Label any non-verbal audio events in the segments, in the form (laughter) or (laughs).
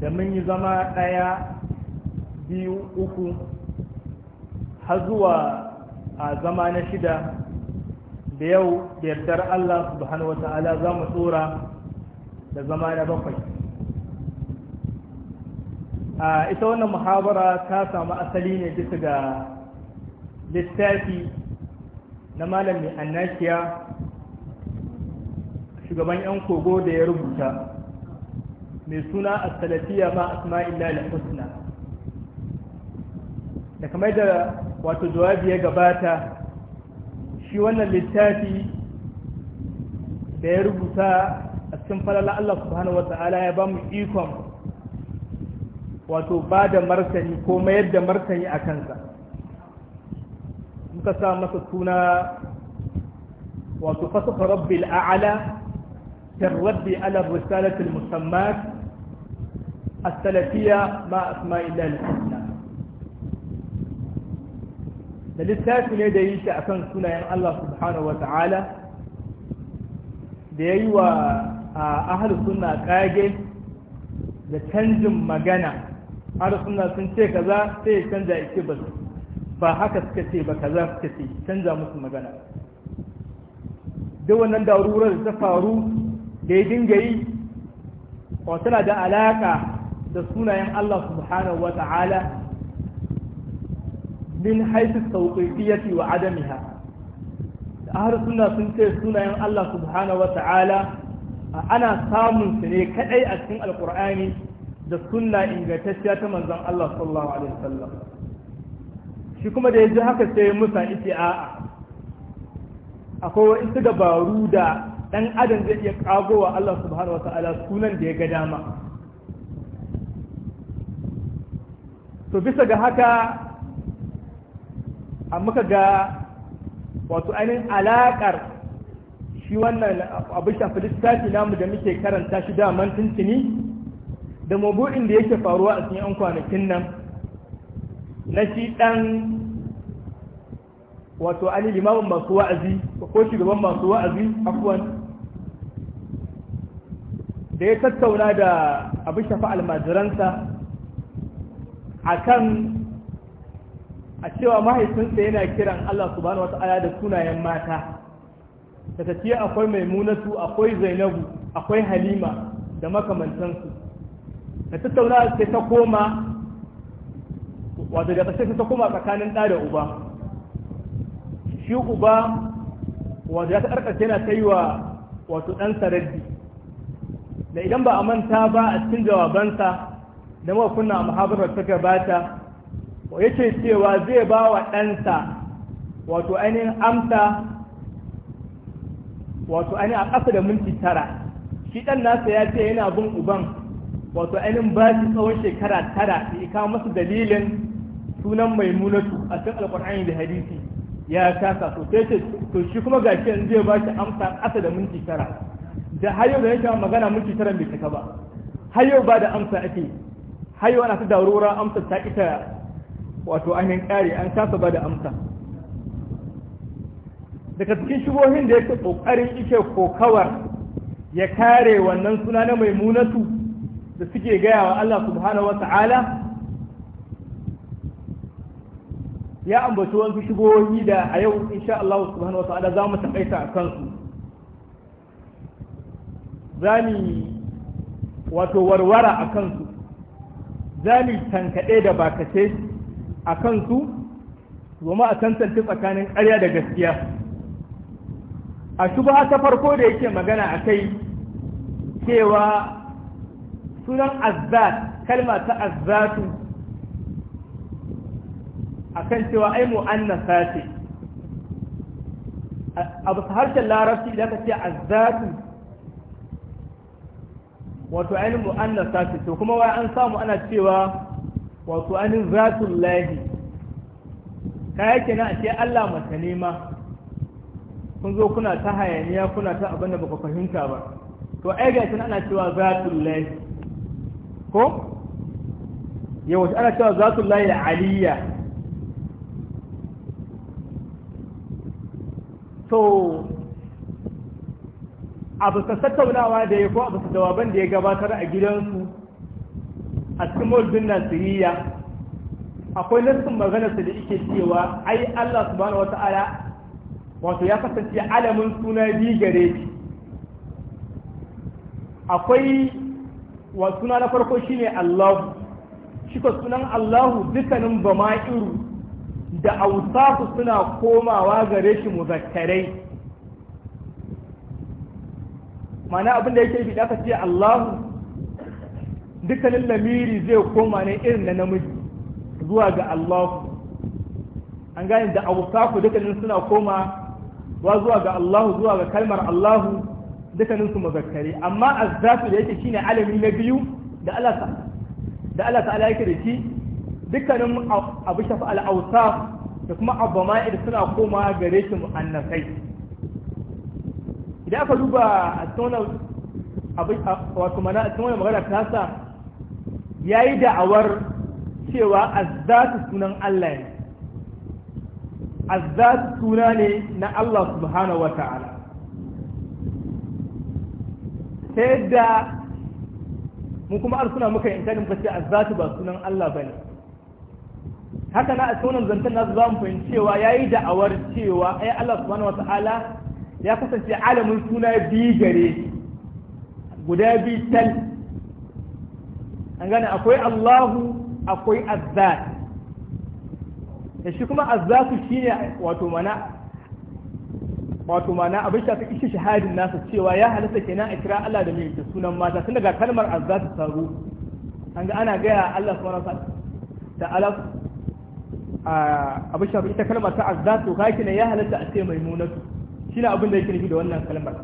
da mun yi zama ɗaya biyu uku har zuwa a zama na shida da yau da yardar Allah subhanahu wata'ala za mu tsora da zama na bakwai a ita wannan muhabara ta samu asali ne bisa ga littafi na malami annakiya shugaban 'yan kogo da ya rubuta mai suna a salafiya ma asma'illah da husna da kamar da wato jawabi ya gabata shi wannan littafi da ya rubuta a cikin falala Allah subhanahu wa ta'ala ya ba mu ikon wato ba da martani ko mayar da martani a kansa muka sa masa suna wato fasaka rabbi al'ala tarrabbi ala risalatul musammat السلفية مع أسماء الله الحسنى da littafi ne da yi shi a kan sunayen Allah subhanahu wa ta'ala da ya yi wa ahal suna kage da canjin magana ahal suna sun ce kaza sai ya canza ike ba haka suka ce ba kaza suka ce canza musu magana duk wannan darurar da ta faru da ya dinga yi tana da alaƙa da sunayen Allah subhanahu wa ta'ala min haisu sauƙiƙiyati wa adamiha da har suna sun ce sunayen Allah subhanahu wa ta'ala ana samun su ne kaɗai a cikin alƙur'ani da suna ingantacciya ta manzan Allah sallallahu alaihi wasallam shi kuma da ya ji haka sai musa ita a'a akwai wasu dabaru da ɗan adam zai iya ƙagowa Allah subhanahu wa ta'ala sunan da ya ga dama to bisa ga haka a muka ga wato ainihin alaƙar shi wannan abin shafi littafi namu da muke karanta shi daman tuntuni da mabu'in da yake faruwa a cikin 'yan kwanakin nan na shi ɗan wato ainihin limamin masu wa'azi ko shugaban masu wa'azi afuwan da ya tattauna da abin shafi almajiransa akan a cewa mahaifinsa yana kiran Allah subhanahu wata'ala da sunayen mata ta tafiya akwai maimunatu akwai zainabu akwai halima da makamantansu da tattauna sai ta koma wato da ƙasashe ta koma tsakanin ɗa da uba shi uba wato ya ta ƙarƙashe yana ta yi wa wato ɗansa raddi da idan ba a manta ba a cikin jawabansa da muka kunna a muhabarar ta gabata ce cewa zai ba wa ɗansa wato ainihin amsa wato ainihin a ƙasa da minti tara shi ɗan nasa ya ce yana bin uban wato ainihin ba shi tsawon shekara tara da ika masu dalilin sunan maimunatu a cikin alƙur'ani da hadisi ya kasa to sai ce to shi kuma ga shi zai ba shi amsa ƙasa da minti tara da har yau da yake magana minti tara bai cika ba har yau ba da amsa ake haiwa na ta darura amsa ta ita wato ainihin kare an kasa ba da amsa daga cikin shigohin da yake ƙoƙarin ike kokawar ya kare wannan suna na maimunatu da suke gaya wa Allah subhanahu wa ta'ala ya ambaci wasu shigohi da a yau insha Allah subhanahu wa ta'ala za mu takaita a kansu za mu wato warwara a kansu za mu tankaɗe da bakace a kansu domin a tantance tsakanin ƙarya da gaskiya a shubha ta farko da yake magana a kai cewa sunan azzat kalma ta azzatu akan cewa ai mu'annasa ce a harshen larabci da ka ce azzatu wato ainihin mu'annas ta ce to kuma wai an samu ana cewa wato ainihin zatun lahi ka yake a ce Allah mata nema kun zo kuna ta hayaniya kuna ta abin da baka fahimta ba to ai ga ana cewa zatun lahi ko yawanci ana cewa zatun lahi aliyya to abu ta tattaunawa da ya ko abu ta jawaban da ya gabatar a gidansu a cikin mulkin nasiriya akwai nassin maganarsa da ike cewa ai Allah subhanahu wata'ala wato ya kasance alamin suna biyu gare shi akwai wa suna na farko shine Allahu shi ko sunan Allahu dukkanin bama'iru da ausafu suna komawa gare shi muzakkarai mana abin da yake bida ka ce Allahu dukkanin lamiri zai koma ne irin na namiji zuwa ga Allahu an gane da awsafu dukkanin suna koma wa zuwa ga Allahu zuwa ga kalmar Allahu dukkanin su muzakkari amma azzatu da yake shine alamin na biyu da Allah da Allah ta yake da shi dukkanin abu shafa al-awsaf da kuma abama'ir suna koma gare shi mu'annasai idan aka duba a tsonan wato mana a tona magana sa ya yi da'awar cewa azzatu sunan Allah ne azzatu suna ne na Allah subhanahu wa ta'ala ta yadda mu kuma ar suna muka yanka da muka ce azzatu ba sunan Allah ba ne haka na a tona zantar nasu za mu fahimci cewa yi da'awar cewa ai Allah subhanahu ta'ala. ya kasance alamin suna biyu gare guda biyu tal an gane akwai allahu akwai azzat da shi kuma azzatu shine wato mana wato mana abin shafi ishi shahadin nasa cewa ya halatta kenan a kira Allah da mai sunan mata tun daga kalmar azzatu taru an ga ana gaya Allah subhanahu alaf a abin shafi ita kalmar ta azzatu kake ne ya halatta a ce munatu shi ne abin da yake nufi da wannan kalmar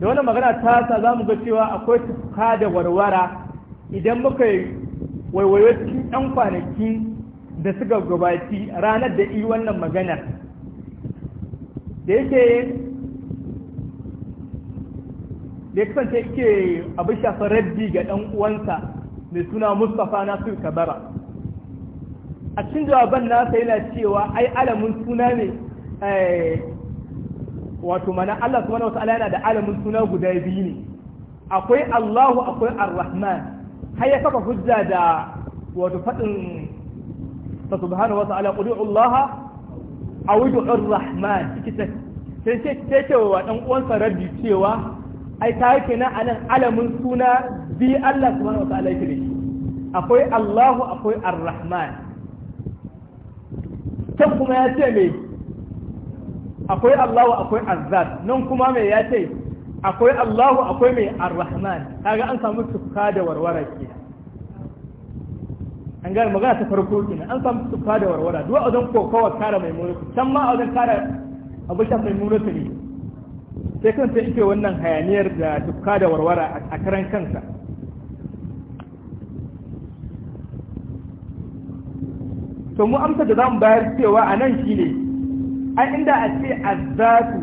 da wannan magana ta sa za mu ga cewa akwai tuka da warwara idan muka yi waiwayo cikin ɗan kwanaki da suka gabaci ranar da yi wannan maganar da yake da ya kasance ke abin shafa raddi ga ɗan uwansa mai suna mustapha su kabara a cikin jawaban nasa yana cewa ai alamun suna ne eh, wato mana Allah subhanahu ta'ala yana da alamin suna guda biyu ne akwai Allahu akwai Ar-Rahman har ya kafa hujja da wato fadin ta subhanahu ta'ala qul Allah aw Ar-Rahman kike sai sai sai ce wa dan sa rabbi cewa ai ta yake nan anan alamin suna bi Allah subhanahu ta'ala yake shi akwai Allahu akwai Ar-Rahman kan kuma ya ce mai akwai Allahu akwai Azzat nan kuma mai ya ce akwai Allahu akwai mai arrahman kaga an samu tukka da warwara ke an gane magana ta farko ne an samu tukka da warwara duk wajen kokawa kare mai mulki can ma a wajen kare abu shan mai mulki ne sai kan sai ike wannan hayaniyar da tukka da warwara a karan kansa to mu amsa da zamu bayar cewa a nan shine ai inda a ce azzatu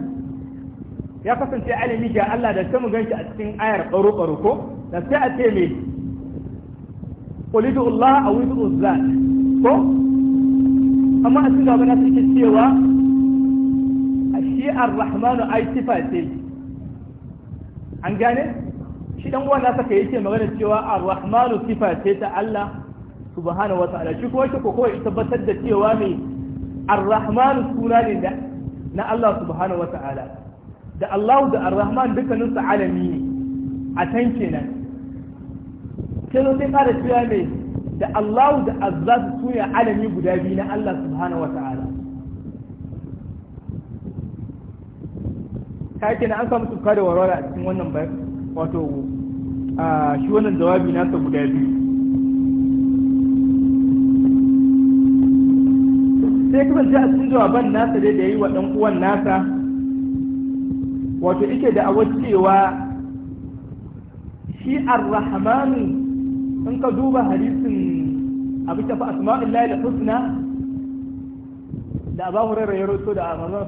ya kasance alimi ga Allah da ta mu shi a cikin ayar baro baro ko da sai a ce me qulidu Allah aw idu uzzat ko amma a cikin gaba na suke cewa shi ar-rahmanu ai sifa ce an gane shi dan uwan nasa kai yake magana cewa ar-rahmanu sifa ce ta Allah subhanahu wa ta'ala shi ko shi ko kawai tabbatar da cewa me ar-rahman suna ne da na Allah subhanahu wata'ala da Allah da ar-rahman dukkanin su alami ne a can kenan sai zo sai fara cewa mai da Allah da azza su suna alami guda biyu na Allah subhanahu wata'ala ka yake an samu tuka da warwara a cikin wannan bayan wato shi wannan jawabi nasa guda biyu sai kasance a cikin jawaban nasa dai da yi wa ɗan uwan nasa wato ike da awar cewa shi ar-rahmanu in ka duba hadisin abu tafi asma'ullahi da husna da abu hurairu ya roto da manzon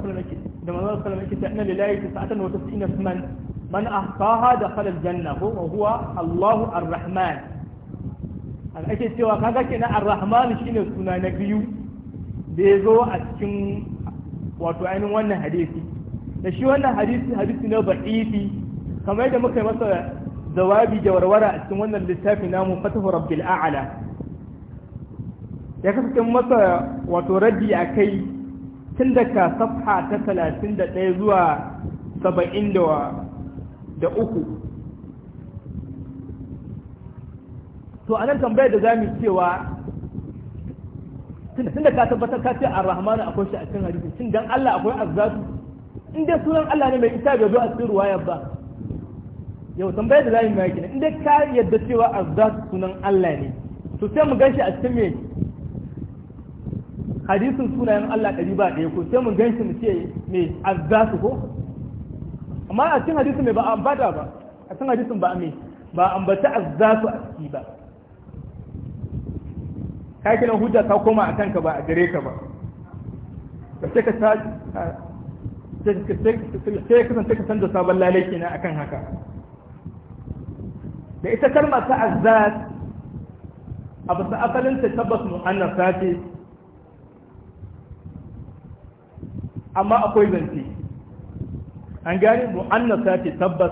sallallahu alaihi wasallam yake ta inna lillahi tis'atan wa tis'ina isman man ahsaha dakhala al-janna wa huwa Allahu ar-rahman ake cewa kaga kenan ar-rahman shine suna na biyu da ya zo a cikin wato ainihin wannan hadisi da shi wannan hadisi hadisi na ba'ifi kamar yadda muka yi masa jawabi da warwara a cikin wannan littafi namu fatahu rabbil a'ala ya kasance masa wato raddi a kai tun daga safha ta talatin da ɗaya zuwa saba'in da uku to anan tambayar da za mu cewa tunda tunda ka tabbatar ka ce ar-rahmanu akwai shi a cikin hadisi tun dan Allah akwai azzatu in dai sunan Allah ne mai isa ga zo a cikin ruwaya ba yau tambayar da zamu mai kenan in dai ka yadda cewa azzatu sunan Allah ne to sai mu ganshi a cikin me hadisin sunayen Allah ɗari ba ɗaya ko sai mu ganshi mu ce me azzatu ko amma a cikin hadisin mai ba a ambata ba a cikin hadisin ba a me ba a ambata azzatu a ciki ba ka gina hujja ta koma a kanka ba a gare ka ba ka sai ka sa sai kasance ka canza sabon lalai kenan akan haka da ita kalma ta azzat a basu asalin ta tabbas mu'annas ta ce amma akwai zance an gane mu'annas ta ce tabbas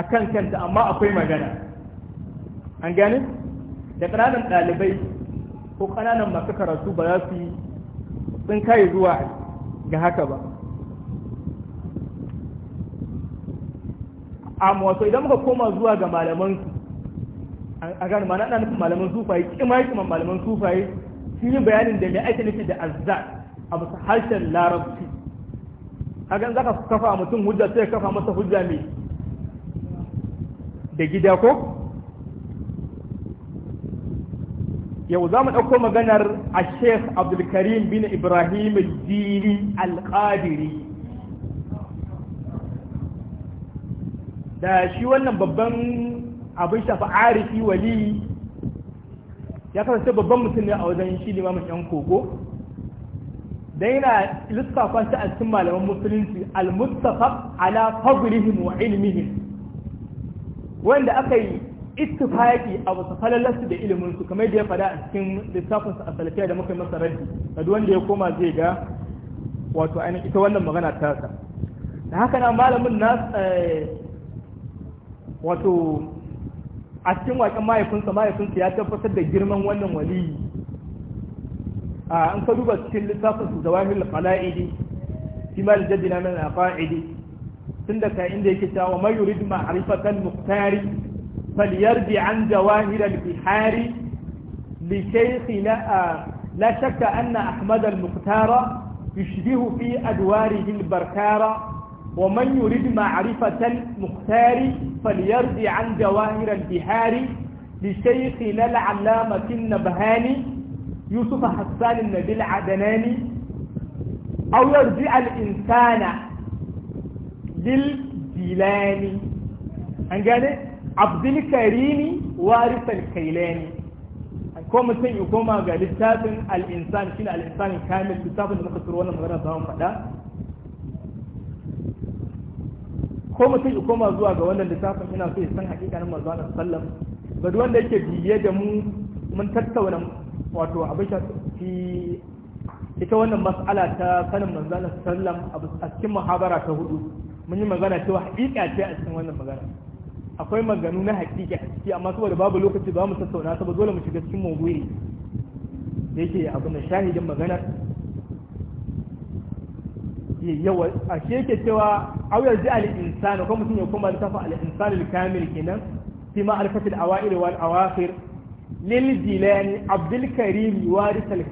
a kan kanta amma akwai magana an gane da ƙananan ɗalibai ko ƙananan masu karatu ba za su yi sun kai zuwa ga haka ba amma wato idan muka koma zuwa ga malaman su a gani na nufin malaman sufaye kima kiman malaman sufaye sun yi bayanin da mai aiki nufi da azza a bisa harshen larabci gani za ka kafa mutum hujja sai ka kafa masa hujja mai da gida ko yau za mu ɗauko maganar a sheikh abdulkarim bin ibrahim dini alƙadiri da shi wannan babban abin shafa arifi wali ya kasance babban mutum ne a wajen shi limamin yan kogo dan yana lissafa shi a cikin malaman musulunci al-mustafa ala fadlihim wa ilmihim wanda aka yi ittifaqi a wasu falalarsu da ilimin su kamar da ya fada a cikin littafin su a salafiya da muka masa rabi da duk wanda ya koma zai ga wato ainihin ita wannan magana ta sa da haka na malamin na eh, wato a cikin waƙen mahaifinsa mahaifinsa ya tabbatar da girman wannan waliyi an ka duba cikin littafin su zawahir al-qala'idi fi mal jaddina min al faidi tun daga inda yake cewa man yurid ma'rifatan muqtari فليرجع عن جواهر البحار لشيخ لا شك أن أحمد المختار يشبه في أدواره البركار ومن يريد معرفة المختار فليرجع عن جواهر البحار لشيخ لا العلامة النبهاني يوسف حسان النبي العدناني أو يرجع الإنسان للجيلاني أنجاني abdul karimi warisan kailani ko mutum ya koma ga littafin al'insan shi ne al'insan kamil littafin da muka turo wannan magana za mu faɗa ko mutum ya koma zuwa ga wannan littafin ina so ya san hakika manzo Allah sallam ga duk wanda yake biye da mu mun tattauna wato abin fi ita wannan mas'ala ta sanin manzo Allah sallam a cikin muhabara ta hudu mun yi magana cewa hakika ce a cikin wannan magana akwai maganu na haƙiƙa a ciki amma saboda babu lokaci ba mu tattauna saboda dole mu shiga cikin mawuri da yake abin da shahidin magana yawa a shi yake cewa auyar ji al'insani kuma mutum ya kuma littafin al'insani kamil kenan fi ma alfatil awa'ir wal awakhir lil jilani abdul karim waris al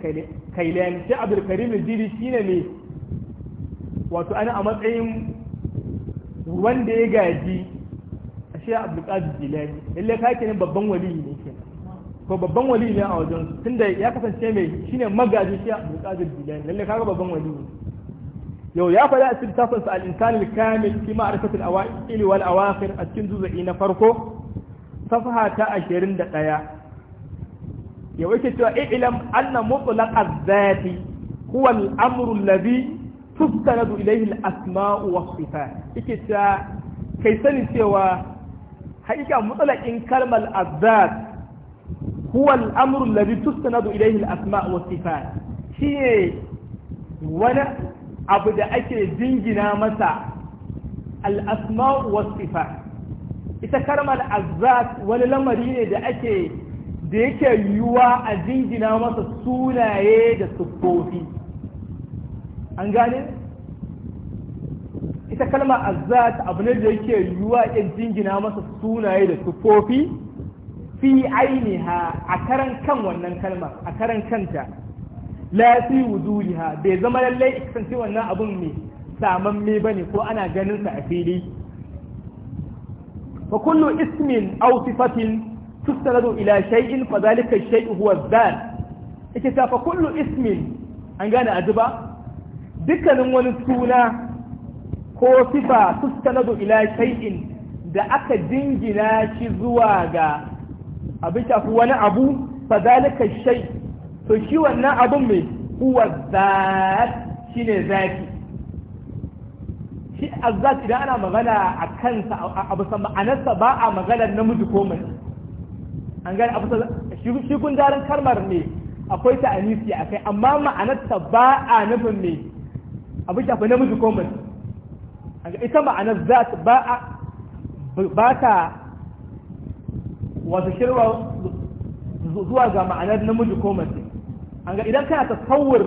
kailani shi abdul karim jili shine ne wato ana a matsayin wanda ya gaji shehu jilani lalle ka babban wali ne ko babban wali ne a wajen tunda ya kasance mai shine magaji shehu abdulkadir jilani lalle kaga babban wali ne yau ya fada a cikin tafin sa al-insan al-kamil fi ma'rifatil awa'il wal awakhir a cikin zuzai na farko safha ta 21 yau yake cewa i'lam anna mutlaq az-zati huwa al-amru alladhi tustanadu ilayhi al-asma'u was-sifat yake cewa kai sani cewa hakika mutsalakin kalmar azzat huwa al'amru alladhi tustanadu ilayhi al-asma' wa sifat shine wani abu da ake jingina masa al-asma' wa ita kalmar azzat wani lamari ne da ake da yake yiwuwa a jingina masa sunaye da siffofi an gane ita kalma azzat abu ne da yake yiwuwa in jingina masa sunaye da sufofi fi ainiha a karan kan wannan kalmar a karan kanta la fi wuduriha bai zama lallai kasance wannan abun ne me bane ko ana ganin sa a fili fa kullu ismin aw sifatin tustanadu ila shay'in fa zalika shay'u huwa dhal ita fa kullu ismin an gane azuba dukkanin wani suna ko sifa tustanadu ila shay'in da aka dingina shi zuwa ga abin shafi wani abu fa zalika shay to shi wannan abun mai huwa zat shine zaki shi azzat idan ana magana a kansa abu san ma'anarsa ba a maganar namiji ko mace an gani abu shi gundarin kalmar ne akwai ta anisi akai amma ma'anarsa ba a nufin ne abu shafi namiji ko mace ita ma'anar zat ba ta wata shirwa zuwa ga ma'anar namiji ko mace an ga idan kana tasawur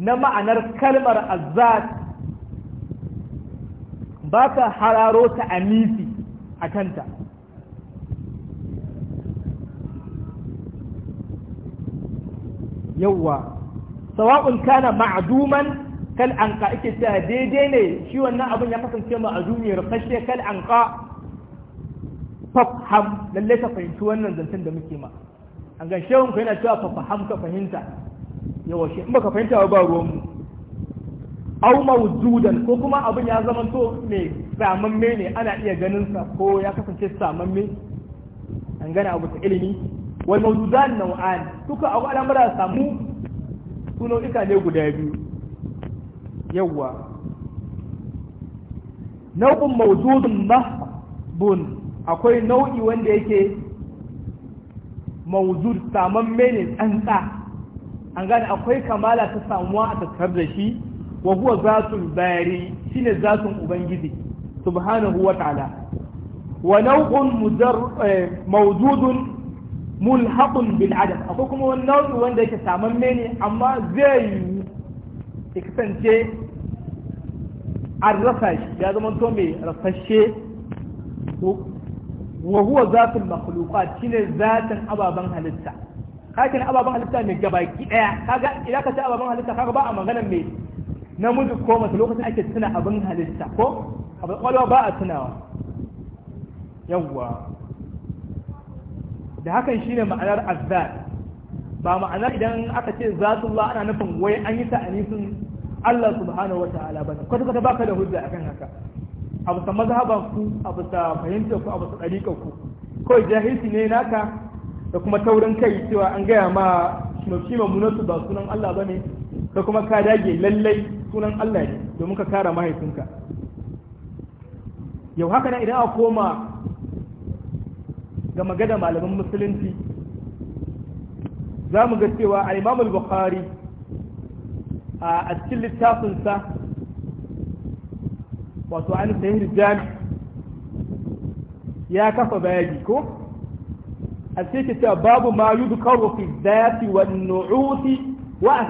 na ma'anar kalmar azat ba ka hararo ta a kanta yawwa sawa'un kana ma'aduman kal anka ake cewa daidai ne shi wannan abin ya kasance ma a duniyar fashe kal anka fafham lalle ka fahimci wannan zancen da muke ma an ga shehun ka yana cewa fafham ka fahimta yawa shi in baka fahimta ba ruwan mu au mawjudan ko kuma abin ya zama to me samamme ne ana iya ganin sa ko ya kasance samamme an gana abu ta ilimi wal mawjudan nau'an duka abu al'amara samu su nau'ika ne guda biyu yawwa nau'in mawjudun mahbun akwai nau'i wanda yake mawjud samamme mene tsantsa an gane akwai kamala ta samuwa a tattar da shi wa huwa zatul bari shine zatun ubangiji subhanahu wa ta'ala wa nau'un mudar eh, mawjudun mulhaqun bil adam akwai kuma wani nau'i wanda yake samamme mene amma zai yi kasance an rasa shi ya zama to mai rasashe wa huwa zatul makhluqat shine zatin ababan halitta kakin ababan halitta ne gabaki daya kaga idan ka ce ababan halitta kaga ba a magana mai namiji ko mace lokacin ake tuna abin halitta ko abin kwalwa ba a tunawa yawwa da hakan shine ma'anar azzat ba ma'anar idan aka ce zatullah ana nufin wai an yi ta'anisin Allah subhanahu ba ta kwata kwata ka da hujja akan haka a sa mazhaban ku abu sa fahimtar ku abu ku kawai jahilci ne naka da kuma taurin kai cewa an gaya ma shi mamunansu ba sunan Allah ba ne da kuma ka dage lallai sunan Allah ne domin ka kara mahaifinka yau haka nan idan a koma ga magana malaman musulunci za mu ga cewa al-imamul bukhari a cikin littafinsa wato an sahih jami ya kafa bayani ko a cikin babu ma yudkaru fi dhati wan nu'uti wa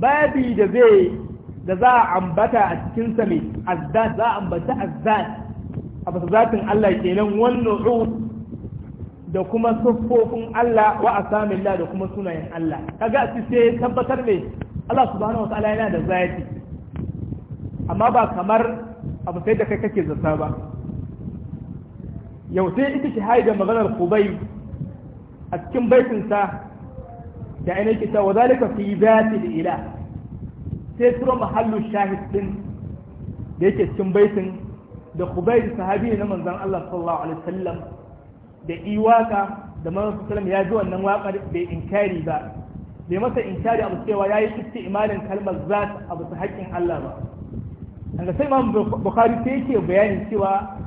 babi da zai da za a ambata a cikin mai azzat za a ambata azzat a Allah kenan wani nu'ut da kuma siffofin Allah wa asamillah da kuma sunayen Allah kaga a sai tabbatar ne Allah subhanahu wataala yana da zafi amma ba kamar abu sai da kai kake zata ba yau sai ita shahai da maganar kubai a cikin baitinsa da ainihin kita wa zalika fi zati da ila sai tura mahallu shahid din da yake cikin baitin da kubai sahabi na manzon Allah sallallahu alaihi wasallam da iwaka da manzon sallallahu alaihi wasallam ya ji wannan waƙar bai inkari ba bai masa inkari abu cewa yi kitti imanin kalmar zat abu su haƙƙin Allah ba daga sai imam bukhari sai yake bayani cewa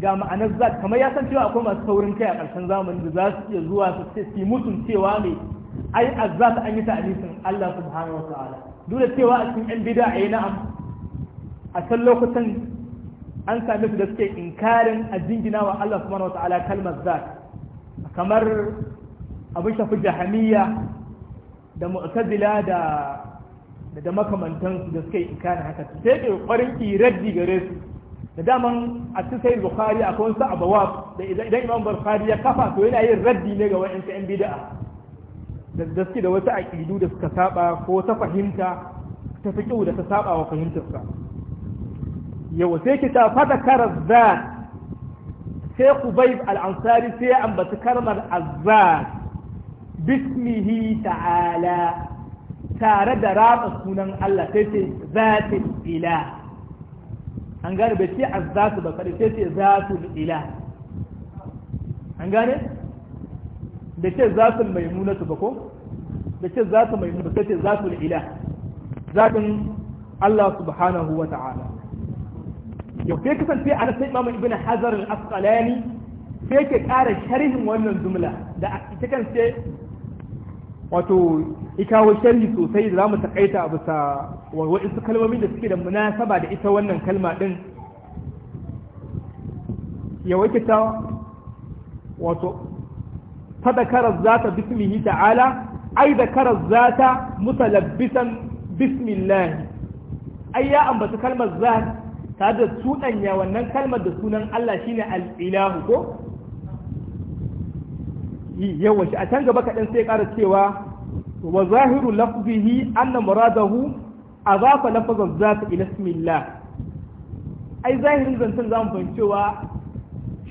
ga ma'anar zat kamar ya san cewa akwai masu saurin kai a ƙarshen zamani da za su iya zuwa su ce su mutun cewa mai ai azzat an yi ta'alisin Allah subhanahu wa ta'ala duk da cewa a cikin yan bid'a ayi na'am a san lokutan an sami su da suke inkarin a jingina wa Allah subhanahu wa ta'ala kalmar zat kamar abin shafi jahamiya da mu'tazila da da makamantansu da suka yi ikana haka sai da kwarin ki raddi gare su da daman a ci sai bukhari kawansa a abawa da idan imam bukhari ya kafa to yana yin raddi ne ga wa'ansu yan bid'a da da suke da wasu aqidu da suka saba ko ta fahimta ta fi da ta saba wa fahimtar sa yau sai ki ta fada karar sai ku al al'ansari sai ambata karmar azzat bismihi ta'ala tare da raba sunan Allah sai ce zatul ila an bai ce azzatu ba kare sai ce zatul ila an bai ce zatul maimunatu ba ko bai ce zatul ila Allah yau sai kasance a nasa imamu ibn hazar al-asqalani sai ke ƙara sharhin wannan jumla da ita kan sai. wato wa sharhi sosai da za mu takaita a bisa kalmomin da suke da munasaba da ita wannan kalma ɗin ya ta wato fadakarar zata bismihi ta'ala ai dakarar zata mutalabbisan bismillahi ai ya ambata kalmar zat ta da sunanya wannan kalmar da sunan Allah shine al-ilahu ko yawan shi a can gaba kaɗan sai ƙara cewa wa zahiru lafzihi anna muradahu azafa lafazan zata ila ismillah ai zahirin zancen zamu fahimci cewa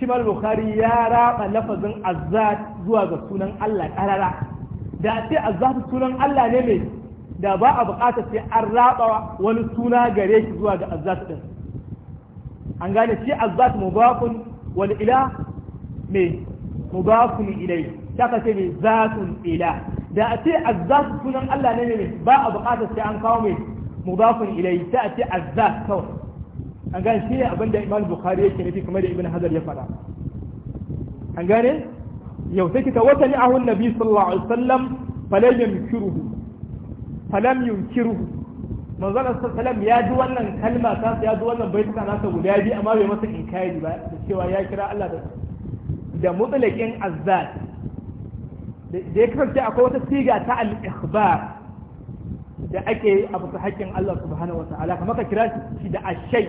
shi mal bukhari ya raba lafazin azzat zuwa ga sunan Allah karara da ce azzat sunan Allah ne mai da ba a bukatar sai an raba wani suna gare shi zuwa ga azzat din an gane shi azzat mubafun wal ila mai mubafun ilai ta kace ce mai zatun ila da a ce azzat sunan Allah ne ne ba a buƙatar sai an kawo mai mudafun ilai ta a ce azzat kawai an gane shi ne abin da Imam Bukhari yake nufi kamar da Ibn Hajar ya faɗa an gane yau sai kika wata ni ahun nabi sallallahu alaihi wasallam falam yunkiruhu falam yunkiruhu manzon sallallahu ya ji wannan kalma ta ya ji wannan baituka nasa guda biyu amma bai masa inkari ba da cewa ya kira Allah da da mutsalakin azzat da ya kasance akwai wata siga ta al-ikhbar da ake a bisa haƙƙin Allah subhanahu wa ta'ala kamar ka kira shi da ashai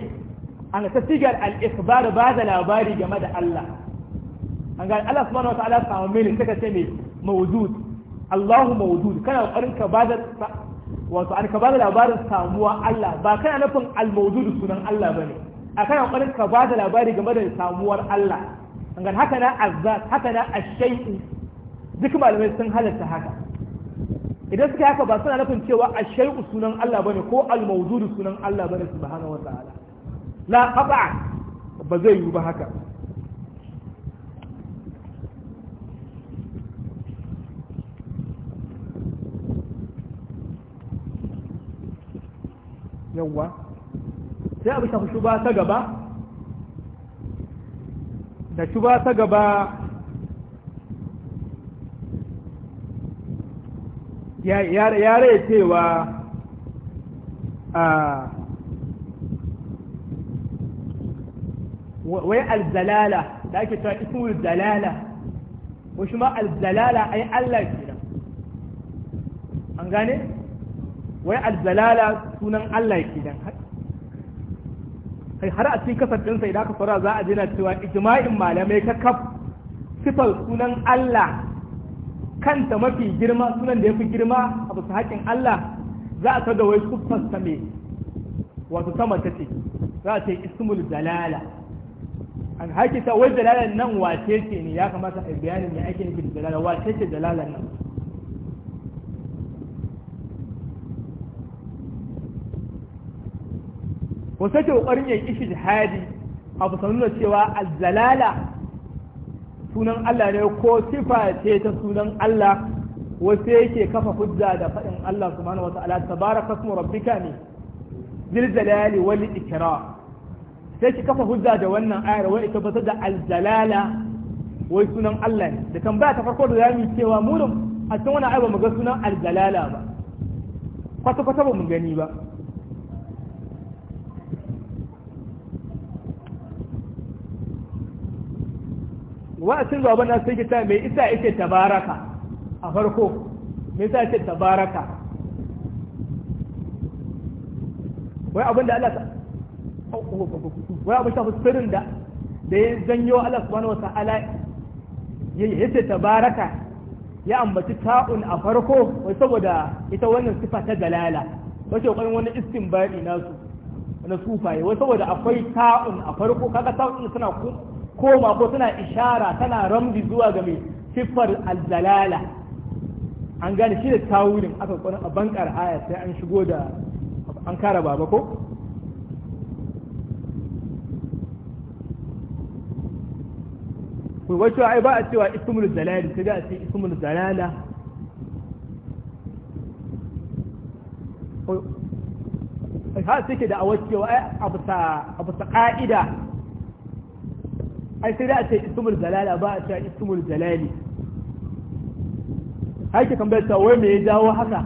an ta sigar al-ikhbar ba da labari game da Allah an ga Allah subhanahu wa ta'ala samu mini suka ce mai mawjud Allahu mawjud kana ƙoƙarin ka ba wato an ka ba labarin samuwa Allah ba kana nufin al-mawjud sunan Allah bane a kana ƙoƙarin ka ba labari game da samuwar Allah an ga haka na azzat haka na ashai'u duk malamai sun halatta haka idan suka haka ba suna nufin cewa a shay'u sunan Allah bane ko al-mawjudu sunan Allah bane subhanahu wata'ala la qat'a ba zai yi ba haka yawwa sai abu shafi shuba ta gaba da shuba ta gaba ya raya cewa wai alzalala da ake cewa ismul zalala wasu ma alzalala ai Allah kenan an gane wai alzalala sunan Allah kenan kai har a cikin kasar ɗinsa idan aka fara za a jina cewa ijma'in malamai ka kaf sifar sunan Allah kanta mafi girma sunan da ya fi girma a bisa haƙin Allah za a kaga wai siffarsa mai wato sama ta ce za a ce ismul dalala an ta, wai dalalan nan wace ce ne ya kamata a bayanin ya ake nufin dalala wace ce dalalan nan wasu ce ƙoƙarin ya ƙishi jihadi a bisa nuna cewa azzalala sunan Allah ne ko sifa ce ta sunan Allah wasu yake kafa hujja da faɗin Allah subhanahu wata'ala tabaraka ismu rabbika ne zil jalali wal ikra sai ki kafa hujja da wannan ayar wai ita bata da al jalala wai sunan Allah ne da tambaya ta farko da zamu cewa mu a cikin wannan ayar ba mu ga sunan al jalala ba kwata kwata ba mu gani ba wa'asin baban na sai kita mai isa ita tabaraka a farko mai isa ita tabaraka wai abin da Allah wai abin ta fusirin da da ya janyo Allah subhanahu wa ta'ala ya ita tabaraka ya ambaci ta'un a farko wai saboda ita wannan sifa ta dalala wace kwan wani istinbadi nasu na sufaye wai saboda akwai ta'un a farko kaga ta'un suna koma ko suna ishara tana ramdi zuwa ga mai siffar alzalala an gane shi da tawulin aka kwana a bankar aya sai an shigo da an kara baba ko wato ai ba a cewa ismul zalali sai da a ce ismul zalala ha suke da a wa ai abu sa ka'ida ai sai da a ce ismul zalala ba a ce ismul zalali haka tambayar ta wai me ya jawo haka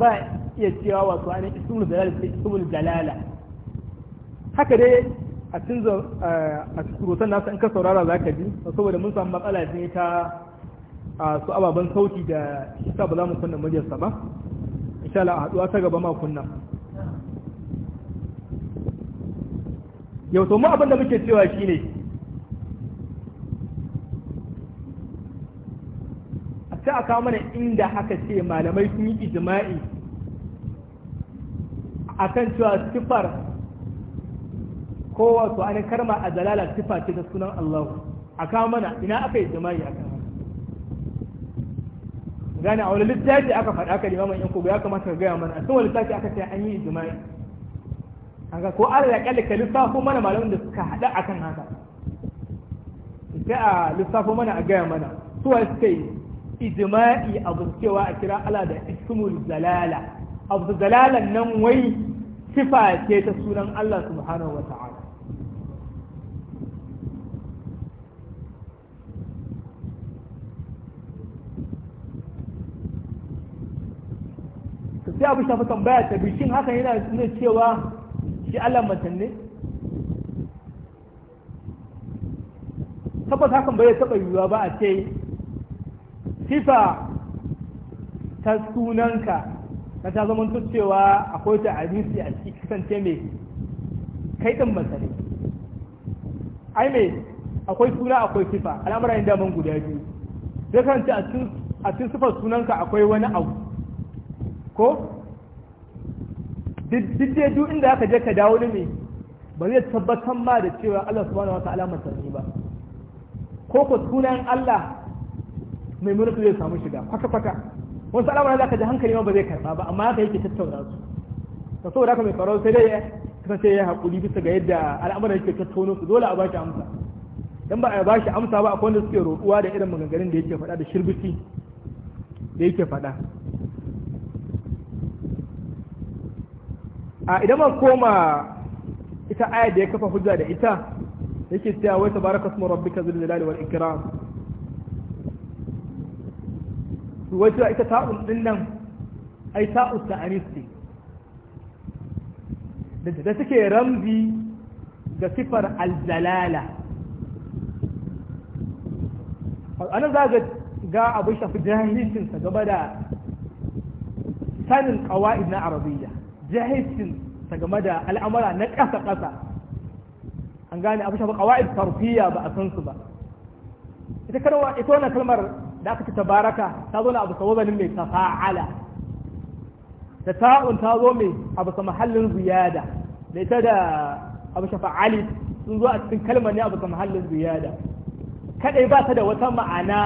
ba iya cewa wato ana ismul zalala sai ismul zalala haka dai a cikin a rotan nasu in ka saurara za ka bi saboda mun samu matsala ne ta su ababen sauti da isa ba za mu kunna muryarsa ba insha Allah a haɗuwa ta gaba ma kunna yau to mu abin da muke cewa shine a kawo mana inda haka ce malamai sun yi ijma'i kan cewa sifar kowa su an karma a dalala sifar ce ta sunan Allah a kawo mana ina aka yi ijma'i a kan gane a wani littafi aka faɗa ka yi mamman yanko ya kamata ka gaya mana a cikin wani littafi aka ce an yi ijma'i haka ko ala da kalli ka lissafo mana malamin da suka haɗa akan haka sai a lissafo mana a gaya mana suwa suka yi ijma'i abu cewa a kira Allah da ismul zalala abu zalalan nan wai sifa ce ta sunan Allah subhanahu wa ta'ala sai abu shafi tambaya ta bi shin haka yana nuna cewa shi Allah mutum ne tabbas hakan bai taɓa yiwuwa ba a ce sifa ta sunanka na ta zama cewa akwai ta hadisi a ciki kasance mai kai ɗin masare ai mai akwai suna akwai sifa al'amura yin daman guda biyu zai kasance a cikin sifar sunanka akwai wani abu ko duk da duk inda aka je ka dawo ne ba zai tabbatar ma da cewa Allah subhanahu wa ta'ala masarni ba ko ko sunan Allah mai mulki zai samu shiga kwata-kwata wasu al'amuran za ka ji hankali ma ba zai karɓa ba amma haka yake tattauna su da saboda haka mai tsaro sai dai ya kasance ya haƙuri bisa ga yadda al'amuran yake tattauno su dole a bashi amsa dan ba a bashi amsa ba akwai wanda suke roƙuwa da irin maganganun da yake faɗa da shirbiti da yake faɗa a idan ma koma ita ayar da ya kafa hujja da ita yake cewa wai tabaraka smu rabbika zul jalali wal ikram to wai cewa ita ta'ul din nan ai ta'ul ta'anis ce da suke ramzi ga sifar aljalala anan za ga ga abu shafi jahilcinsa game da sanin kawa'id na arabiyya jahilcinsa game da al'amura na ƙasa-ƙasa an gane abu shafi kawa'id tarfiyya ba a san su ba ita karwa ita wannan kalmar da aka ce tabaraka ta zo ne abu sa wazanin mai tafa'ala da ta'un ta zo mai abu sa mahallin ziyada da ita da abu shafa'ali sun zo a cikin kalmar ne abu sa mahallin ziyada kadai ba ta da wata ma'ana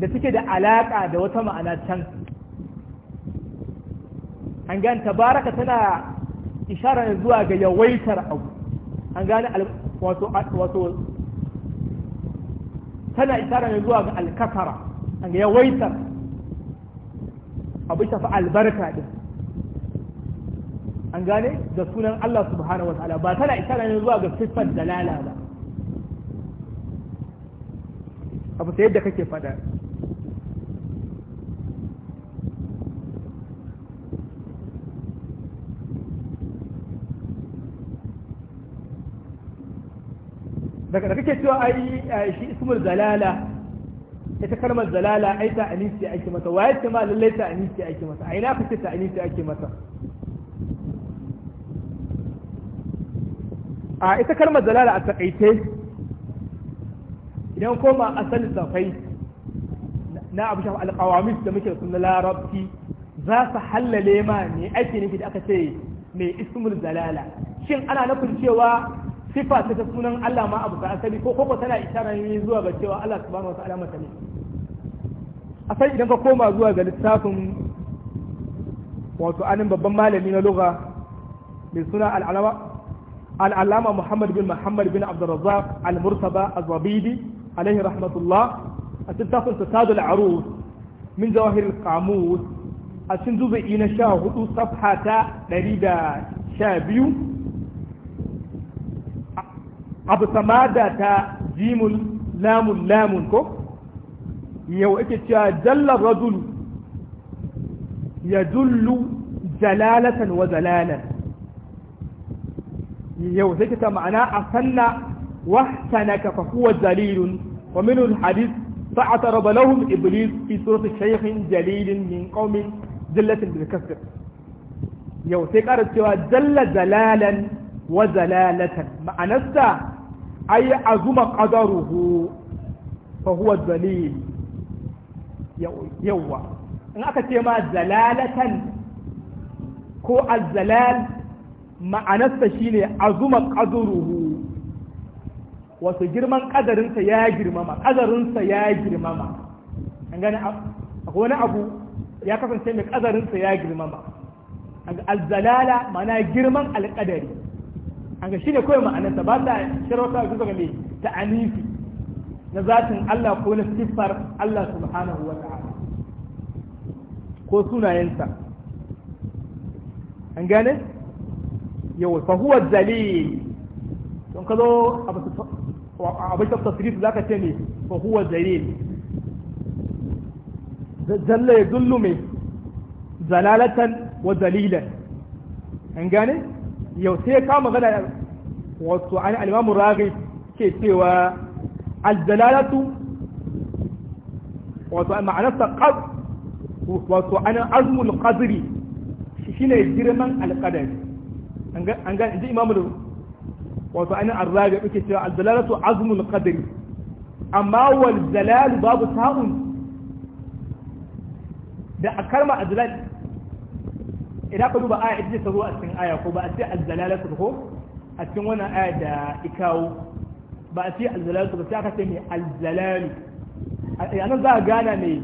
da suke da alaka da wata ma'ana can an gani tabaraka tana isharar zuwa ga yawaitar abu an gane wato tana isara ne zuwa ga alkasara an ga yawaitar abu shafi albarka din an gane da sunan Allah subhanahu wataala ba tana isara ne zuwa ga siffar dalala ba abu sai yadda kake faɗa daga kake cewa ai eh, shi ismul zalala ita kalmar zalala ai ta anisi ake mata waye ce ma lallai ta anisi ake mata ai na kace ta anisi ake mata a ita kalmar zalala a takaice idan koma asalin safai na abu shafa alƙawamis da muke sun larabci za su hallale ma ne ake nufi da aka ce mai ismul zalala shin ana nufin cewa sifa ta sunan Allah ma abu ka asali ko koko tana isharar ne zuwa ga cewa Allah subhanahu wataala mata ne san idan ka koma zuwa ga littafin wato anin babban malami na lugha mai suna al'alama al'alama Muhammad bin Muhammad bin Abdurrazzaq al-Murtaba az-Zabidi alaihi rahmatullah a littafin tasadul arus min jawahir al-qamus a cikin juzu'i na 14 safha ta 112 abu samada ta jimun lamun lamun ko yau ake cewa jalla ya jullu jalalatan wa zalalan yau ta ma'ana a sanna wahtanaka fa huwa zalilun wa min alhadith fa'tarab lahum iblis fi surati shaykhin jalilin min qaumin jallatin bil kasr yau sai ƙara cewa jalla jalalan wa zalalatan ma'anarsa ay azuma qadaruhu fa huwa dalil yawa in aka ce ma zalalatan ko azzalal ma'anarsa shine azuma qadaruhu wato girman kadarinsa ya girmama kadarinsa ya girmama an gani akwai wani abu ya kasance mai kadarinsa ya girmama azzalala mana girman alkadari an ga shi ne kawai ma'anarsa ba ta sharauta su ga mai anifi na zatin Allah ko na siffar Allah subhanahu wa ta'ala ko sunayensa an gane yawa fa huwa zalil don ka zo abu ta tasrif zaka ce ne fa huwa zalil zalla ya dullu mai zalalatan wa dalilan an gane yau sai ka magana wato an alimamu ragib ke cewa aljalalatu wato ma'anarsa qad wato an azmul shi ne girman alqadari an ga an ga imamu wato an arraga yake cewa aljalalatu azmul qadri amma wal jalal babu ta'un da a kalma ajlal idan ka duba aya ita ta zo a cikin aya ko ba a ce azzalalatu ko a cikin wannan aya da ikawo ba a ce azzalalatu ba sai aka ce mai azzalalu eh, a nan za a gana mai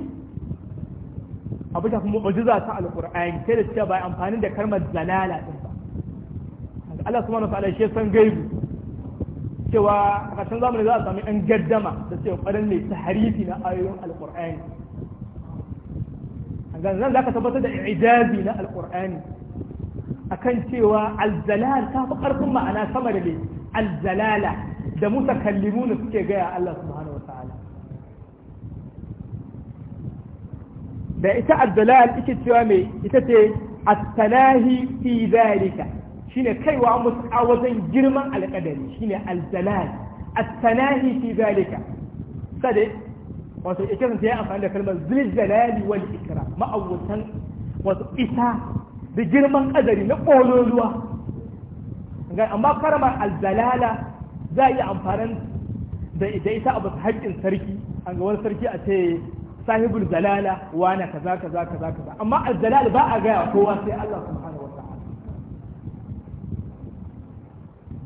abu ta kuma mu'jiza ta alqur'ani sai da cewa ba amfani da kalmar zalala din ba Allah subhanahu wa ta'ala shi san gaibu cewa a ƙarshen zamani za a sami an gaddama da cewa ƙwarar mai taharifi na ayoyin alqur'ani ganzan za ka tabbatar da ijazi na alƙur'ani akan cewa alzalal ta fi ƙarfin ma'ana sama da ne alzalala da mutakallimuna suke gaya Allah subhanahu ta'ala da ita alzalal ita cewa mai ita ce at-talahi fi zalika shine kaiwa musu a wajen girman alƙadari shine alzalal at-talahi fi zalika sai wato ita ta yi amfani da kalmar zil jalali wal ikra ma'awutan wato isa da girman azari na kololuwa amma karamar alzalala za a yi amfanin da ita ita basu haƙƙin sarki an ga wani sarki a ce sahibul jalala wana kaza kaza kaza kaza amma alzalala ba a gaya kowa sai Allah subhanahu wa ta'ala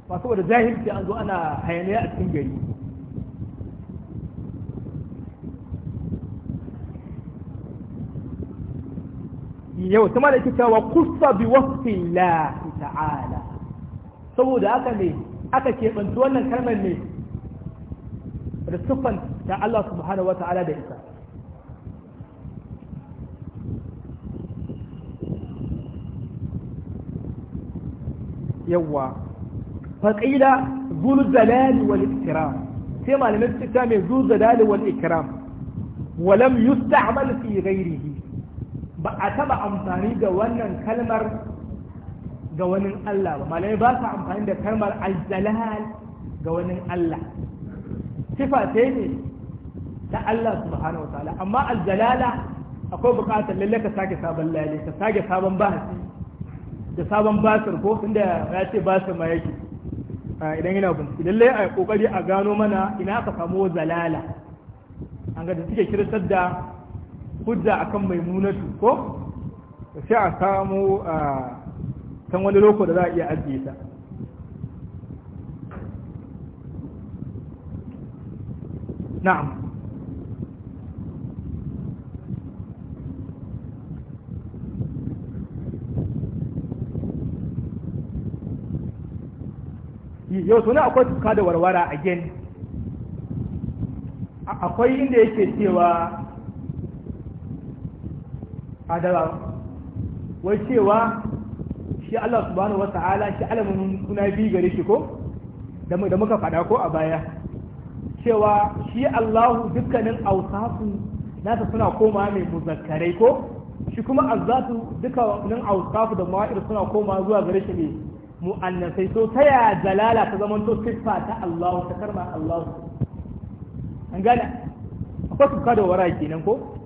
ba saboda jahilci an zo ana hayaniya a cikin gari yau ta malaki wa kusa bi wasfi lahi ta'ala saboda aka ne aka ke bantu wannan kalmar ne da sufan ta Allah subhanahu wa ta'ala da ita yawa faƙila zuru zalali wal ikram sai malamin suka mai zuru zalali wal ikram walam yusta'mal fi ghairihi ba a taba amfani da wannan kalmar ga wani Allah ba malai ba su amfani da kalmar aljalal ga wani Allah sifa ce ne ta Allah subhanahu wa ta'ala amma aljalala akwai bukatar lalle ka sake sabon lalle ka sake sabon bahasi da sabon basir ko inda ya ce basir ma yake idan yana bincike lalle a kokari a gano mana ina ka samu zalala an ga da suke kirtar da hujja akan munatu ko sai a samu a can wani loko da za a iya ajiye ta na'am yau suna akwai tuka da warwara a gen akwai inda yake cewa adawa wai cewa shi Allah subhanahu wata'ala shi alamun kuna biyu gare shi ko da muka faɗa ko a baya cewa shi Allahu dukkanin ausafu nasa suna koma mai muzakkarai ko shi kuma azatu dukkanin ausafu da ma'ir suna koma zuwa gare shi ne mu'annasai so ta ya dalala ta zaman to siffa ta Allahu ta karma Allahu an gane akwai tuka da wara kenan ko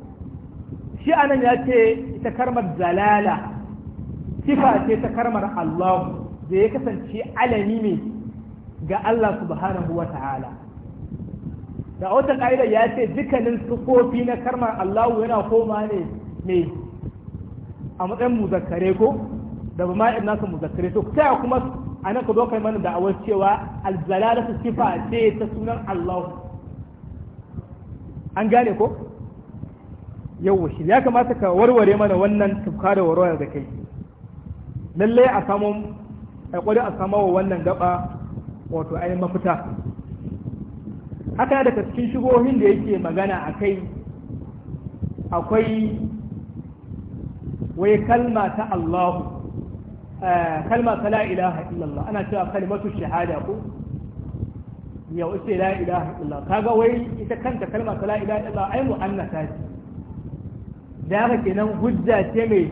shi anan ya ce ta karmar zalala sifa ce ta karmar Allah da ya kasance alami ne ga Allah subhanahu wa ta'ala da wata ƙa'idar ya ce dukkanin sufofi na karmar Allah yana koma ne ne a matsayin muzakkare ko da ba ma'in nasa muzakkare to ta kuma a nan ka zo mana da'awar cewa alzalala su sifa ce ta sunan Allah an gane ko yau shi ya kamata ka warware mana wannan tufka da warware da kai lallai a samu a a sama wa wannan gaba wato ainihin mafita haka daga cikin shigohin da yake magana a kai akwai wai kalma ta Allahu eh, kalma ta la illallah ana cewa kalmatu shahada ko yau ce la illallah kaga wai ita kanta kalma ta la ilaha illallah ai mu'annata ce da haka kenan hujja ce mai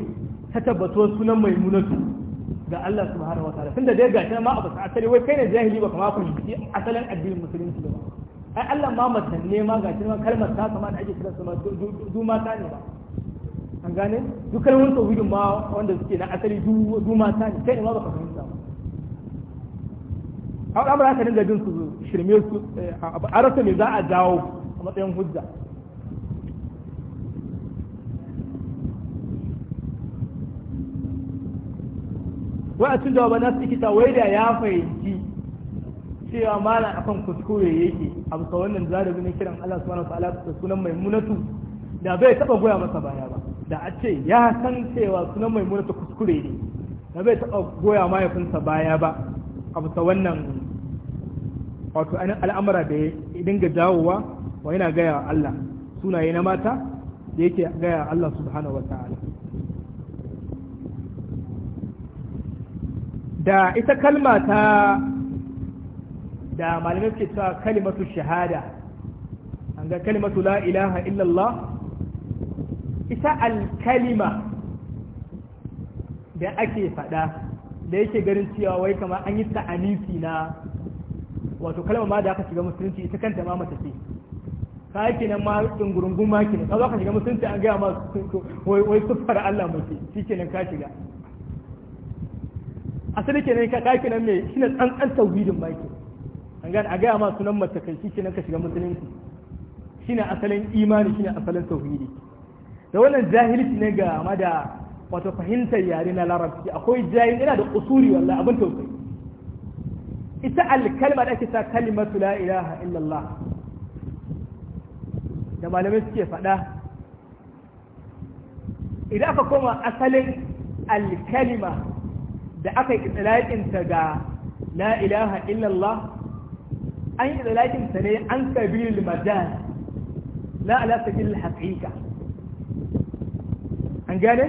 ta tabbato sunan mai munatu ga Allah subhanahu wa ta'ala tunda dai gashi ma abu asali wai kai ne jahili ba kama ku shi asalin addinin musulunci ba ai Allah ma matanne ma gashi ma kalmar ta kama da ake kira su ma du mata ne ba an gane duk kalmar tauhidin ma wanda suke na asali du mata ne kai ne ma ba ka fahimta ba a al'amura ka dinga da su shirme su eh, a rasa me za a jawo a matsayin hujja wai a cikin jawaban nasu ikita wai da ya fahimci cewa malam akan kuskure yake a bisa wannan zarabi na kiran Allah subhanahu wataala da sunan maimunatu da bai taba goya masa baya ba da a ce ya san cewa sunan maimunatu kuskure ne da bai taba goya mahaifinsa baya ba a bisa wannan wato an al'amura da ya dinga dawowa wa yana gaya Allah sunaye na mata da yake gaya Allah subhanahu ta'ala da ita kalma ta da malamai ke cewa kalimatu shahada an ga kalimatu la ilaha illallah ita alkalima da ake faɗa da yake garin cewa wai kama an yi ta'anisi na wato kalma ma da aka shiga musulunci ita kanta ma mata ce ka yake nan ma dungurungun ma ke ka zo ka shiga musulunci an gaya ma wai siffar Allah mace shi nan ka shiga asali kenan ka kaki nan me shine tsantsan tauhidin ma yake an gane a gaya ma sunan mace kai shi kenan ka shiga musulunci shine asalin imani shine asalin tauhidi da wannan jahilci ne ga ma da wato fahimtar yare na larabci akwai jahil yana da usuri wallahi abin tausayi ita alkalma da ake sa kalimatu la ilaha illallah da malamai suke faɗa idan aka koma asalin alkalima da aka yi tsalaƙinta ga la ilaha illallah an yi tsalaƙinta ne an sabil madan la ala sabil haƙiƙa an gane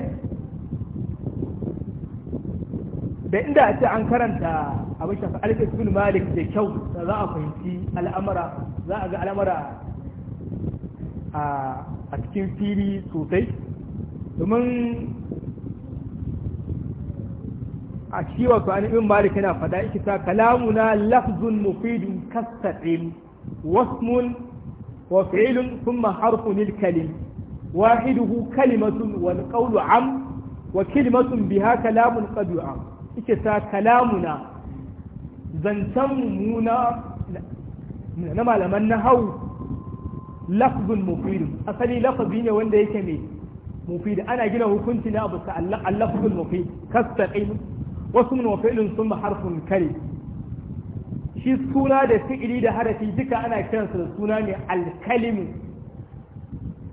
da inda a ce an karanta abin shafi alƙasbin malik da kyau da za a fahimci al'amara za a ga al'amara a cikin fili sosai domin a shi wato an ibn malik kana faɗa yake ta kalamuna lafzun mufidun kastaɗin wasmun wa fi'lun thumma harfun lil kalim wahiduhu kalimatun wal qawlu am wa kalimatun biha kalamun qad yu'am yake ta kalamuna zancan muna na malaman na hau lafzun mufidun asali lafazi ne wanda yake mai mufid ana gina hukunci na abu ta allafzul mufid kastaɗin. wasu mun wafilin sun harfin kare shi suna da fi'ili da harafi duka ana kiransa da suna ne alkalimu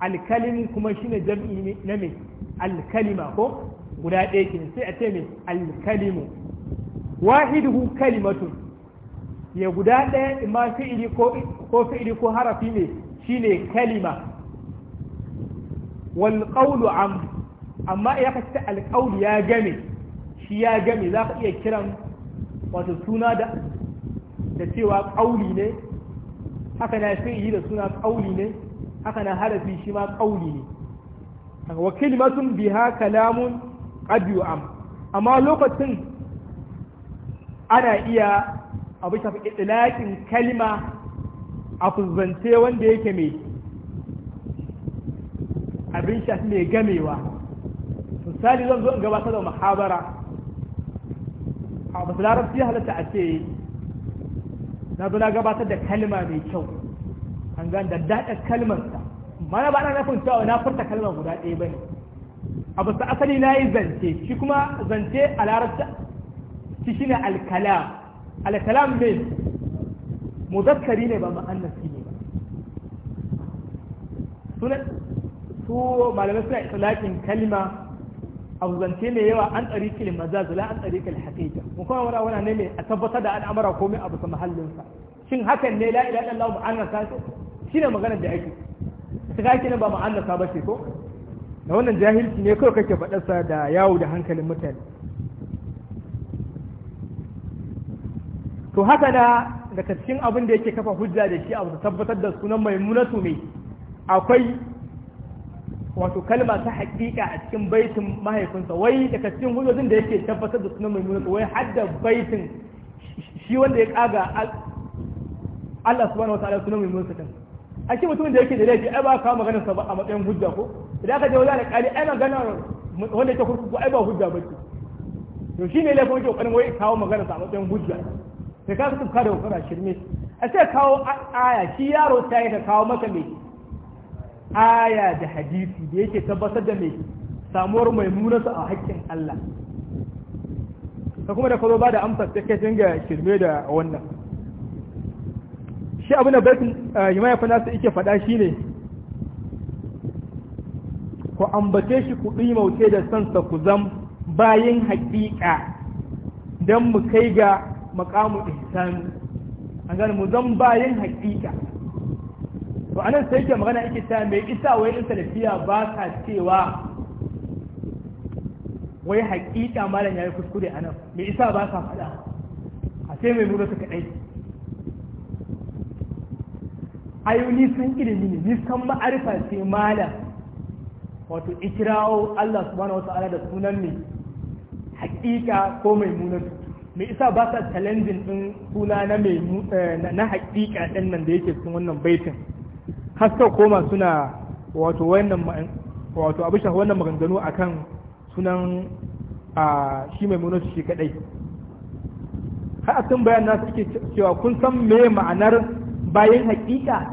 alkalimu kuma shi ne jam'i na mai alkalima ko guda ɗaya ke sai a ce me alkalimu wahiduhu kalimatun ya guda ɗaya imma fi'ili ko fi'ili ko harafi ne shine kalima wal qawlu am amma ya kace alqawlu ya game shi ya gami za ka iya kiran wato suna da cewa ƙauli ne haka na fi'ili da suna ƙauli ne haka na harafi shi ma ƙauli ne wa kalimatun biha kalamun qad am amma lokacin ana iya abu shafi idlaqin kalima a fuzzance wanda yake mai abin shafi mai gamewa misali zan zo in gabatar da muhabara a basu larabci halatta a ce na zo na gabatar da kalma mai kyau an gan da daɗa kalmarsa mana ba na nufin cewa na furta kalmar guda ɗaya ba ne a basu asali na yi zance shi kuma zance a larabci shi shine alkalam alkalam mai muzakkari ne ba ma'annasi ne ba su malamai suna islaƙin kalma abu zance mai yawa an tsari majaz la an tsarikil haqiqa mu kuma wara wana ne mai a tabbatar da al'amara komai abu ta mahallin sa shin hakan ne la ilaha illallah mu'annas ta shine maganar da ake ta kake ba mu'annas ba ce ko da wannan jahilci ne kawai kake faɗar sa da yawo da hankalin mutane to haka da daga cikin abin da yake kafa hujja da shi abu ta tabbatar da sunan maimunatu mai akwai wato kalma ta hakika a cikin baitin mahaifinsa wai daga cikin hujjojin da yake tabbatar da sunan maimuna wai hadda baitin shi wanda ya kaga Allah subhanahu wa ta'ala sunan maimuna din ake mutumin da yake da laifi ai ba ka maganar sa ba a matsayin hujja ko idan aka je wajen alƙali ai maganar wanda yake kurkuku ai ba hujja ba ce to shi ne laifin yake kokarin wai kawo maganar sa a matsayin hujja sai ka tuka da hukara shirme a sai kawo aya shi yaro ta yi ka kawo maka mai aya da hadisi da yake tabbatar da mai samuwar maimunansu a hakkin Allah ka kuma da kwallo ba da amsa ta kai dinga shirme da wannan shi abin da baitin eh, himaya fa nasu yake faɗa ne. ku ambace shi ku ɗimauce da sansa ku zam bayin haƙiƙa don mu kai ga makamu ihsan an gani mu zan bayin haƙiƙa to anan sai yake magana yake ta mai isa wai ɗin salafiya ba ka cewa wai haƙiƙa malam ya yi kuskure anan mai isa ba ka faɗa a sai mai nuna suka ɗai ayo nisan ilimi ne nisan ma'arifa sai malam wato ikirawo Allah subhanahu wa ta'ala da sunan ne haƙiƙa ko mai munatu me isa ba sa challenging din suna na mai eh, na hakika din nan da yake cikin wannan baitin haska koma suna wato wannan wato abu shafa wannan maganganu akan sunan a shi mai munos shi kadai har a sun bayan nasu suke cewa kun san me ma'anar bayan hakika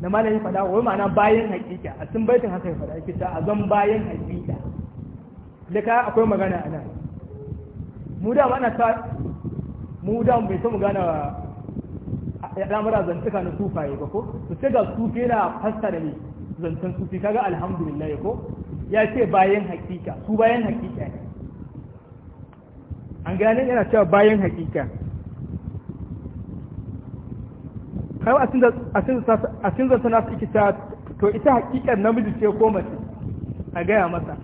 na malami fada wai ma'ana bayan hakika a sun baitin haka ya fada yake ta a zan bayan hakika da ka akwai magana a nan mu da ana ta mu da bai san mu gana al'amura zantuka na sufaye ba ko to sai ga sufi na fassara ne zantan sufi kaga alhamdulillah ko ya ce bayan hakika su bayan hakika ne an gane yana cewa bayan hakika kai a cin zanta nasu su ikita to ita hakikar namiji ce ko mace a gaya masa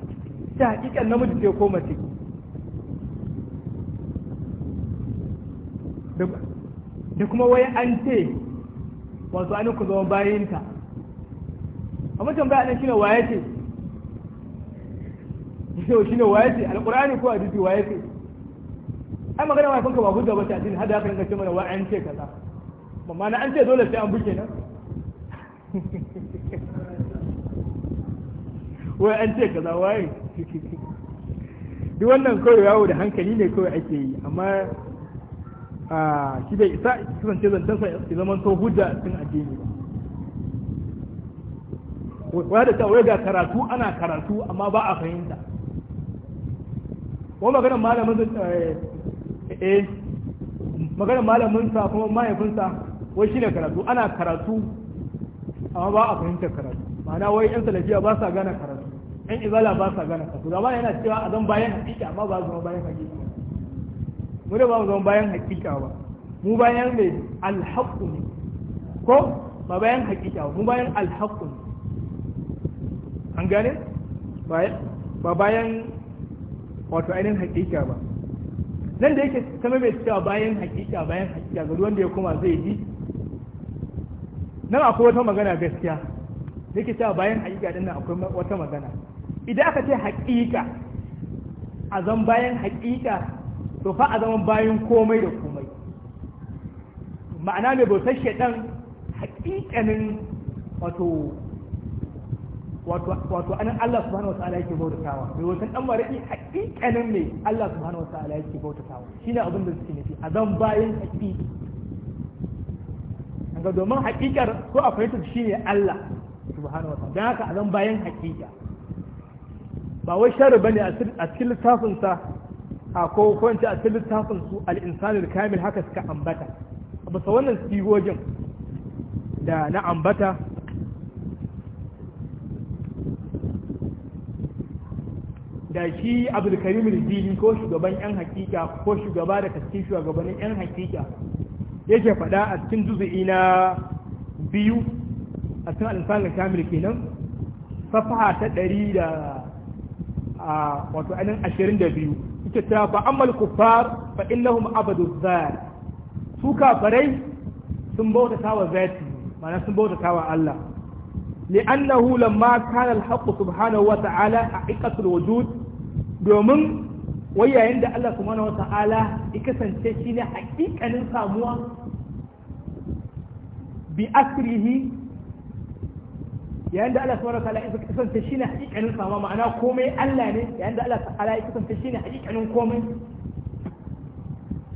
ita hakikar namiji ce ko mace da kuma wai an ce wato an ku zama bayinta a mutum ba a shi ne waye ce yau shi ne waye ce alƙur'ani ko hadisi waye ce ai magana mai fanka ba hujja ba ta addini hada ka rinka ce mana wai an ce kaza amma na an ce dole sai an buke nan (laughs) wai an ce kaza waye (laughs) duk wannan kawai yawo da hankali ne kawai ake yi amma a shi bai isa kasance zancen sa ya zama to hujja cikin addini ba wa da tawaye ga karatu ana karatu amma ba a fahimta ko maganar malamin eh, eh maganar malamin sa kuma mahaifinsa wai shine karatu ana karatu amma ba a fahimta karatu ma'ana wai yan salafiya ba sa gane karatu yan izala ba sa gane karatu amma yana cewa a zan bayan hakika amma ba zama bayan hakika mu da ba mu zama bayan hakika ba mu bayan mai alhaƙu ne ko ba bayan hakika ba mu bayan alhaƙu ne an gane ba bayan wato ainihin hakika ba nan da yake sama mai cewa bayan hakika bayan hakika ga wanda ya koma zai ji nan akwai wata magana gaskiya da yake cewa bayan hakika din nan akwai wata magana idan aka ce hakika a zan bayan hakika to fa a zaman bayan komai da komai ma'ana mai bautar shaidan hakikanin wato wato anan Allah subhanahu wata'ala yake bautatawa mai wata dan maraki hakikanin mai Allah subhanahu wata'ala yake bautatawa shine abin da suke nufi a zan bayan hakiki daga domin hakikar ko a fahimtar shine Allah subhanahu wata'ala don haka a zan bayan hakika ba wai sharri bane a cikin littafinsa. a ko kwanci a cikin littafin su al-insanul kamil haka suka ambata bisa wannan sigojin da na ambata da shi abdulkarim rijini ko shugaban yan hakika ko shugaba da kaskin shugabannin yan hakika yake faɗa a cikin juzu'i na biyu a cikin al'insan ga kamil kenan safaha ta ɗari da a wato da biyu ita ta fa ammal kuffar fa innahum abadu zat su kafarai sun bautata wa zati ma'ana sun bautata wa Allah li'annahu lamma kana al-haqq subhanahu wa ta'ala haqiqatul wujud domin wai yayin da Allah subhanahu wa ta'ala ya kasance shine haƙiƙanin samuwa bi asrihi yayin da Allah subhanahu wataala ya kasance shine hakikanin sama ma'ana komai Allah ne yayin da Allah ta'ala ya kasance shine hakikanin komai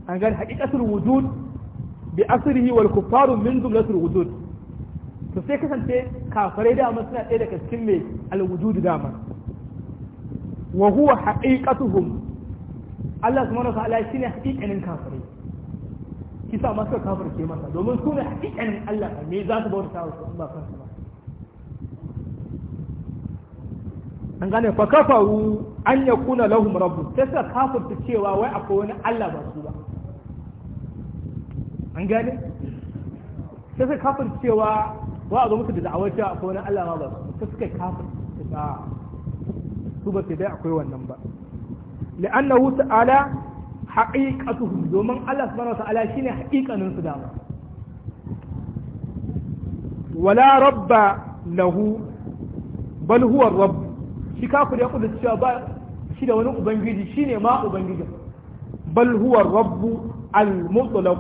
an gani hakikatul wujud bi asrihi wal kuffaru min jumlatul wujud to sai kasance kafare da amma suna ɗaya daga cikin mai al wujud dama wa huwa haqiqatuhum Allah subhanahu wataala shine hakikanin kafirai kisa masu kafir ke masa domin su ne hakikanin Allah ne za su bauta wa ba kansu ba an gane fa kafaru an ya kuna lahum rabbu sai suka kafirta cewa wai akwai wani Allah ba su ba an gane sai suka kafirta cewa ba a zo musu da da'awar cewa akwai wani Allah ma ba su sai suka kafirta ba su ba sai dai akwai wannan ba li'annahu ta'ala haqiqatuhum domin Allah subhanahu wa ta'ala shine haqiqanin su dama wala rabba lahu bal huwa rabb shi da ya kudu cewa ba shi da wani ubangiji shine ma ubangijin bal huwa rabbu al-mutlaq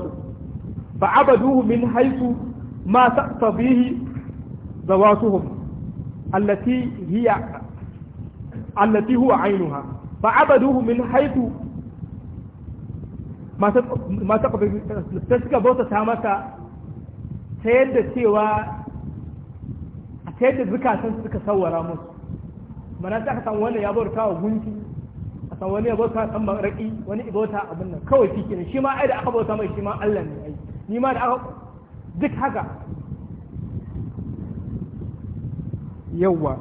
fa abaduhu min haythu ma taqtabihi zawatuhum allati hiya allati huwa ainuha fa abaduhu min haythu ma taqtabihi ta suka bauta ta mata ta yadda cewa ta yadda zukatan suka sawara musu mana sai aka samu wannan ya bauta wa gunki a samu wani ya bauta san baraki wani ibota bauta abin nan kawai shi kenan shi ma ai da aka bauta mai shi ma Allah ne ai ni ma da aka duk haka yawwa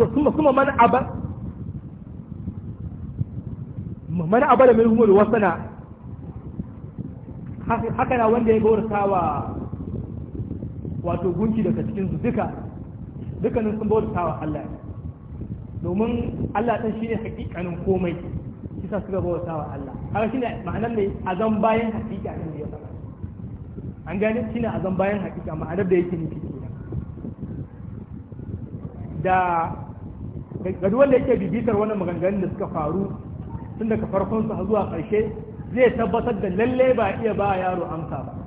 to kuma kuma man aba man aba da humul wasana haka na wanda ya bauta wa wato gunki daga cikin su duka dukkanin sun bauta wa Allah domin Allah ɗin shi ne hakikanin komai kisa suka bauta wa Allah har shi ne ma'anar mai azan bayan hakika ne ya fara an gane shi ne azan bayan hakika ma'anar da yake nufi kenan da ga duk wanda yake bibitar wannan maganganun da suka faru tun daga farkon su zuwa ƙarshe zai tabbatar da lalle ba iya ba yaro amsa ba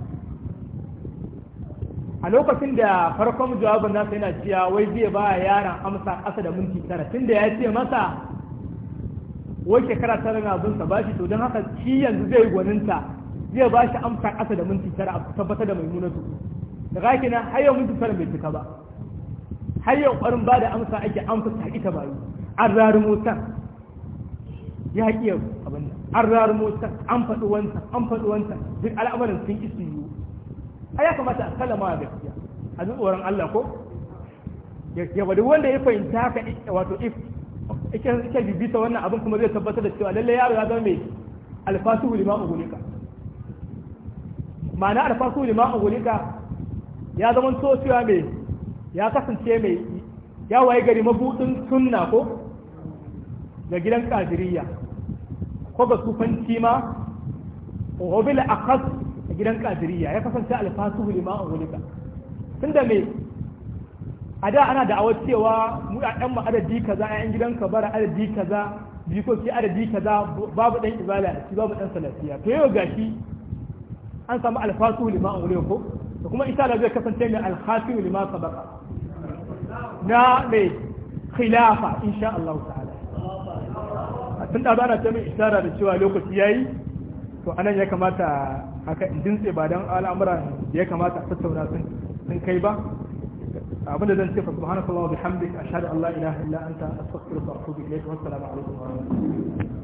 a lokacin da farkon jawabin nasa yana cewa wai zai ba yaran amsa ƙasa da minti tara tun da ya ce masa wai shekara tara na abinsa ba shi to don haka shi yanzu zai gwaninta zai ba shi amsa ƙasa da minti tara a tabbatar da maimunatu da kake na har yau minti tara bai cika ba har yau ƙwarin ba da amsa ake amsa ta ita ba yi an rari motar ya haƙi abin an rari motar an faɗi wancan an faɗi wancan duk al'amarin sun isu yi ai ya kamata a kalama gaskiya a ji tsoron Allah ko ya bada wanda ya fahimta haka wato if ike bibita wannan abin kuma zai tabbatar da cewa lallai yaro ya zama mai alfasu lima ugulika ma'ana alfasu lima ugulika ya zama to mai ya kasance mai ya waye gari mabudin sunna ko ga gidan kadiriyya ko ga sufanci ma wabila a aqas a gidan kadiriya ya kasance alfasuhu lima an wulika tunda me a da ana da'awar cewa mu a mu adadi kaza a yan gidan kabara adadi kaza jikoki adadi kaza babu dan izala a ciki babu dan salafiya to yau gashi an samu alfasuhu lima an wulika ko da kuma insha Allah zai kasance mai alhafihu lima sabaka na me khilafa insha Allah ta'ala tun da ana na ta mai isara da cewa lokaci yayi to anan ya kamata aka dintse ba don al'amura da ya kamata a tattauna sun kai ba abin da zan ce fa subhanakallah wa bihamdika ashhadu an la ilaha illa anta astaghfiruka wa atubu ilayk wa assalamu alaikum wa rahmatullahi